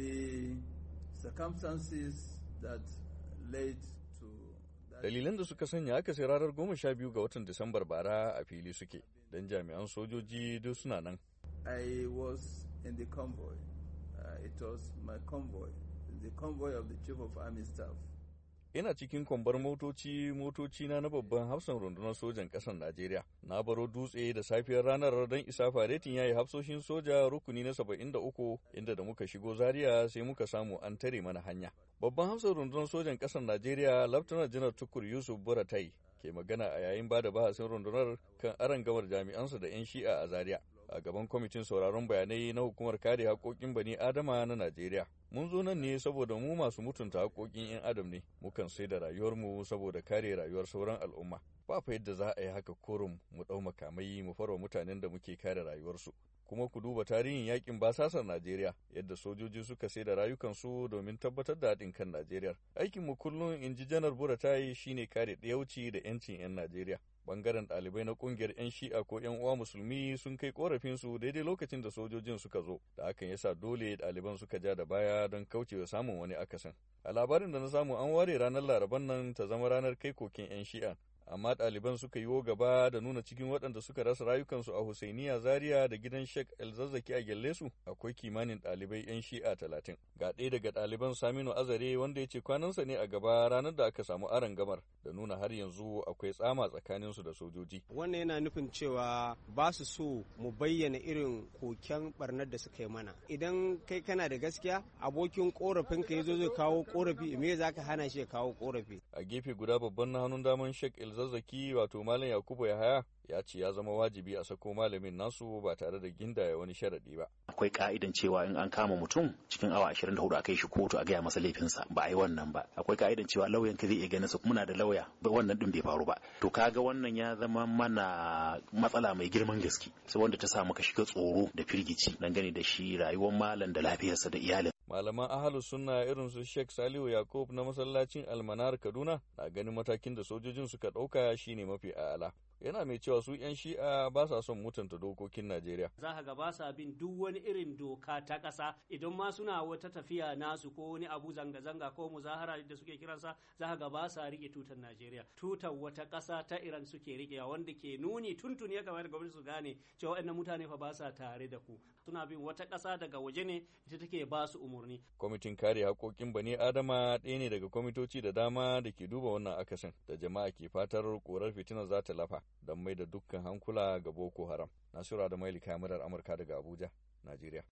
the circumstances that led to Dalilan da suka sanya aka sai ranar goma sha biyu ga watan Disambar bara a fili suke, don jami'an sojoji duk suna nan. I was in the convoy. Uh, it was my convoy, the convoy of the Chief of Army Staff. Ina cikin kwambar motoci motoci na na babban hafsan rundunar sojan ƙasar Najeriya. Na baro dutse da safiyar ranar don isa faretin ya yi hafsoshin soja rukuni na 73 inda da muka shigo Zaria sai muka samu an tare mana hanya. Babban hafsan rundunar sojan ƙasar Najeriya Laftanar Janar Tukur Yusuf Buratai ke magana a yayin ba da bahasin rundunar kan aron gamar jami'ansa da 'yan shi'a a Zaria. a gaban kwamitin sauraron bayanai na hukumar kare hakokin bani adama na Najeriya. Mun zo nan ne saboda mu masu mutunta haƙoƙin 'yan adam ne, mukan sai da rayuwar mu saboda kare rayuwar sauran al'umma. Ba fa yadda za a yi haka korum mu ɗau makamai mu farwa mutanen da muke kare rayuwarsu. Kuma ku duba tarihin yakin basasar Najeriya yadda sojoji suka sai da rayukansu domin tabbatar da haɗin kan Najeriya. Aikinmu kullum in ji Janar Buratai shine kare ɗayauci da 'yancin 'yan Najeriya. Bangaren ɗalibai na ƙungiyar 'yan shi'a ko 'yan uwa musulmi sun kai ƙorafinsu daidai lokacin da sojojin suka zo, da hakan ya sa dole ɗaliban suka ja da baya don kaucewa samun wani akasin. A labarin da na samu an ware ranar laraban nan ta zama ranar kai kokin 'yan shi'a amma ɗaliban suka yi gaba da nuna cikin waɗanda suka rasa rayukansu a Husainiya Zaria da gidan Sheikh Zazzaki a Gellesu akwai kimanin ɗalibai 'yan shi'a talatin. Ga ɗaya daga ɗaliban Saminu Azare wanda ya ce kwanansa ne a gaba ranar da aka samu aron gamar da nuna har yanzu akwai tsama tsakanin su da sojoji. Wannan yana nufin cewa ba su so mu bayyana irin koken barnar da suka yi mana. Idan kai kana da gaskiya abokin korafin ka zo zai kawo korafi me zaka hana shi ya kawo korafi. A gefe guda babban na hannun daman Sheikh zazzaki wato Malam Yakubu Yahaya ya ce ya zama wajibi a sako malamin nasu ba tare da ginda ya wani sharaɗi ba. Akwai ka'idan cewa in an kama mutum cikin awa 24 a kai shi kotu a gaya masa laifinsa ba a yi wannan ba. Akwai ka'idan cewa lauyan ka zai iya ganin su muna da lauya ba wannan din bai faru ba. To kaga wannan ya zama mana matsala mai girman gaske sai wanda ta sa muka shiga tsoro da firgici dangane da shi rayuwar malam da lafiyarsa da iyalin. malaman ahalus suna irin su Sheikh Salihu Yakub na masallacin Almanar Kaduna na ganin matakin da sojojin suka ɗauka shine mafi a'ala. yana mai cewa su 'yan shi'a ba sa son mutunta dokokin najeriya za ka ga ba sa bin duk wani irin doka ta ƙasa idan ma suna wata tafiya nasu ko wani abu zanga-zanga ko muzahara da suke kiransa za ka ga ba sa riƙe tutar najeriya tutar wata ƙasa ta iran suke riƙewa wanda ke nuni tuntuni ya kamata gwamnati su gane cewa waɗannan mutane fa ba sa tare da ku suna bin wata kasa daga waje ne ita take ba su umarni kwamitin kare haƙoƙin bani adama ɗaya ne daga kwamitoci da dama da ke duba wannan akasin da jama'a ke fatar korar fitinar za ta lafa don mai da dukkan hankula ga Boko Haram. Adamu da Maili murar Amurka daga Abuja, Najeriya.